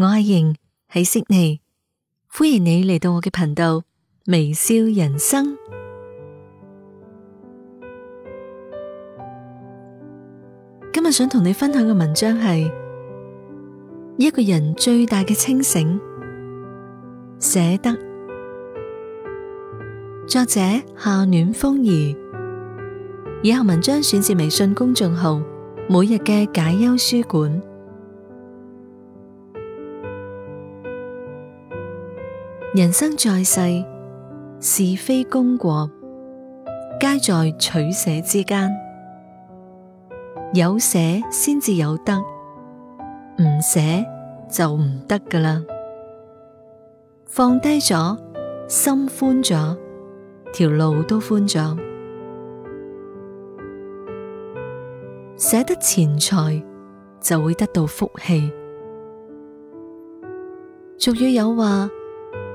我係瑩，喺悉尼，歡迎你嚟到我嘅頻道微笑人生。今日想同你分享嘅文章係一個人最大嘅清醒捨得。作者夏暖風兒，以下文章選自微信公眾號每日嘅解憂書館。人生在世，是非功過皆在取捨之間。有捨先至有得，唔捨就唔得㗎喇。放低咗，心寬咗，條路都寬咗。捨得錢財，就會得到福氣。俗語有話。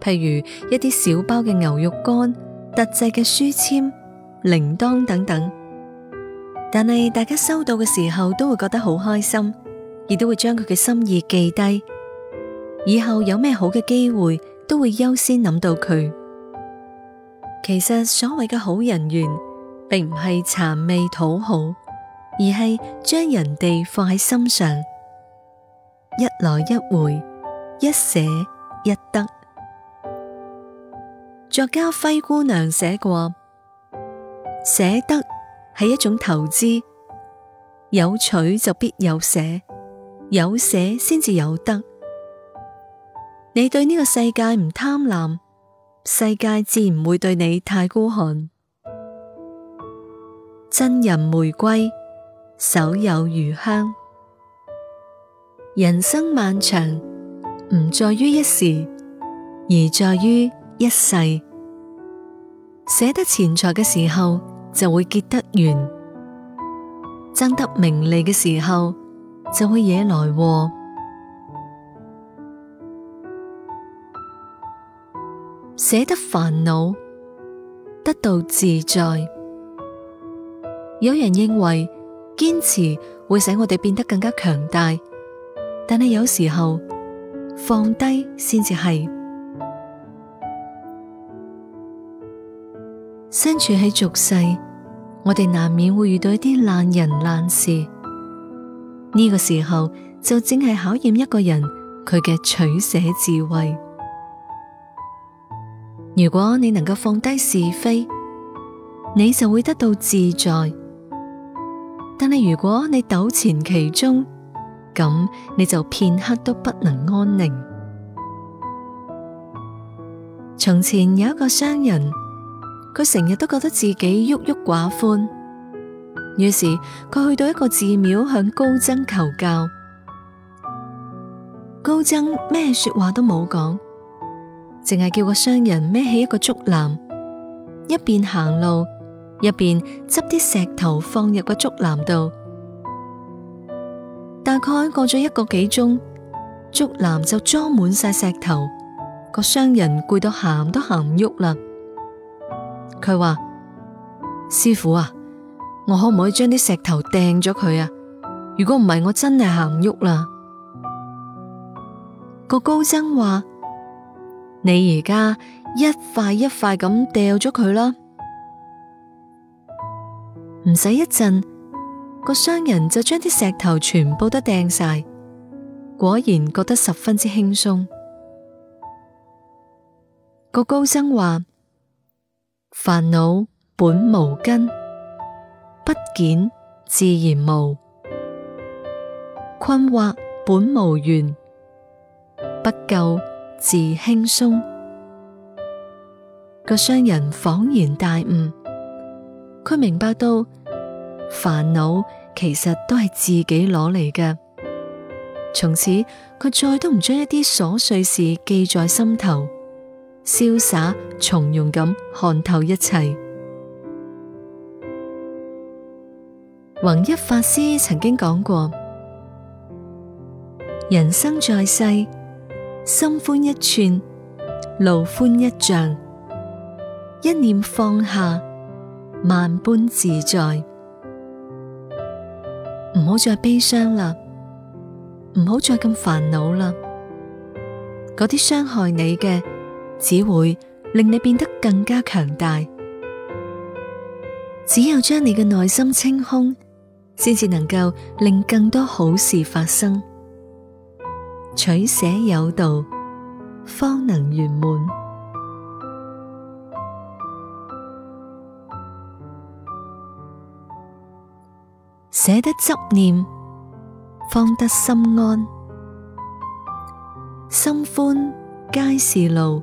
譬如一啲小包嘅牛肉乾、特製嘅書籤、鈴鐺等等，但係大家收到嘅時候都會覺得好開心，亦都會將佢嘅心意記低。以後有咩好嘅機會，都會優先諗到佢。其實所謂嘅好人緣，並唔係諂媚討好，而係將人哋放喺心上，一來一回，一捨一得。作家輝姑娘寫過：捨得係一種投資，有取就必有捨，有捨先至有得。你對呢個世界唔貪婪，世界自然唔會對你太孤寒。真人玫瑰，手有餘香。人生漫長，唔在於一時，而在於一世。捨得錢財嘅時候就會結得緣，爭得名利嘅時候就會惹來禍。捨得煩惱，得到自在。有人認為堅持會使我哋變得更加強大，但係有時候放低先至係。身處喺俗世，我哋難免會遇到啲爛人爛事。呢個時候就正係考驗一個人佢嘅取捨智慧。如果你能夠放低是非，你就會得到自在。但係如果你糾纏其中，咁你就片刻都不能安寧。從前有一個商人。佢成日都覺得自己鬱鬱寡歡，於是佢去到一個寺廟向高僧求教。高僧咩說話都冇講，淨係叫個商人孭起一個竹籃，一邊行路，一邊執啲石頭放入個竹籃度。大概過咗一個幾鐘，竹籃就裝滿晒石頭，個商人攰到行都行唔喐啦。佢話：師傅啊，我可唔可以將啲石頭掟咗佢啊？如果唔係，我真係行唔喐啦。個高僧話：你而家一塊一塊咁掉咗佢啦，唔使一陣，個商人就將啲石頭全部都掟晒，果然覺得十分之輕鬆。個高僧話：煩惱本無根，不撿自然無；困惑本無緣，不救自輕鬆。個商人恍然大悟，佢明白到煩惱其實都係自己攞嚟嘅。從此，佢再都唔將一啲瑣碎事記在心頭。瀟灑從容咁看透一切。弘一法師曾經講過：人生在世，心寬一寸，路寬一丈。一念放下，萬般自在。唔好再悲傷啦，唔好再咁煩惱啦，嗰啲傷害你嘅。只會令你變得更加強大。只有將你嘅內心清空，先至能夠令更多好事發生。取捨有道，方能圓滿。捨得執念，方得心安。心寬皆是路。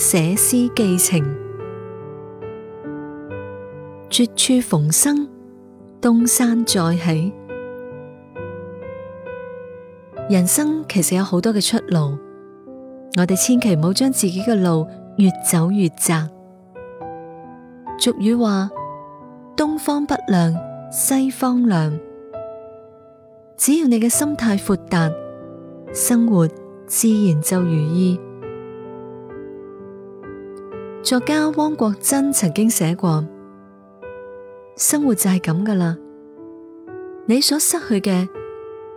寫詩寄情，絕處逢生，東山再起。人生其實有好多嘅出路，我哋千祈唔好將自己嘅路越走越窄。俗語話：東方不亮西方亮，只要你嘅心態豁達，生活自然就如意。作家汪國真曾經寫過：生活就係咁噶啦，你所失去嘅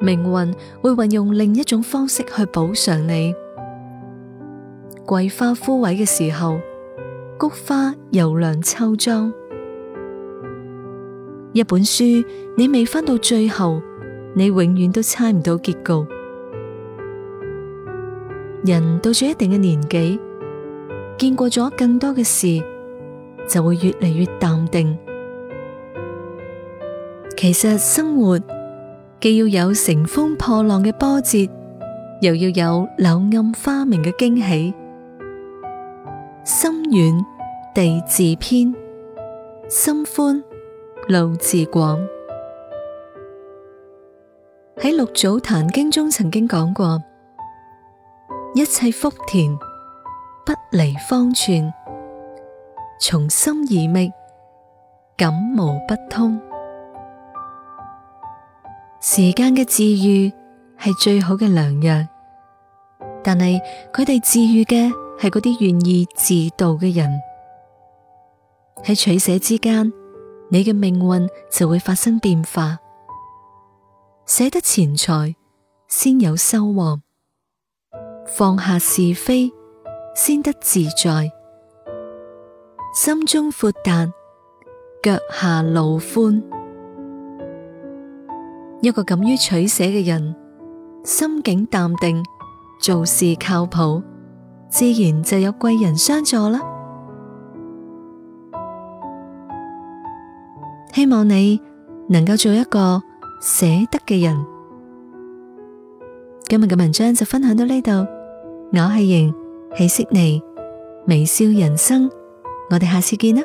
命運會運用另一種方式去補償你。桂花枯萎嘅時候，菊花油涼秋裝。一本書你未翻到最後，你永遠都猜唔到結局。人到咗一定嘅年紀。見過咗更多嘅事，就會越嚟越淡定。其實生活既要有乘風破浪嘅波折，又要有柳暗花明嘅驚喜。心遠地自偏，心寬路自廣。喺六祖壇經中曾經講過：一切福田。不離方寸，從心而覓，感無不通。時間嘅治癒係最好嘅良藥，但係佢哋治癒嘅係嗰啲願意自渡嘅人。喺取捨之間，你嘅命運就會發生變化。捨得錢財，先有收穫。放下是非。先得自在，心中豁達，腳下路寬。一個敢於取捨嘅人，心境淡定，做事靠譜，自然就有貴人相助啦。希望你能夠做一個捨得嘅人。今日嘅文章就分享到呢度，我係盈。喜識你，ney, 微笑人生，我哋下次見啦。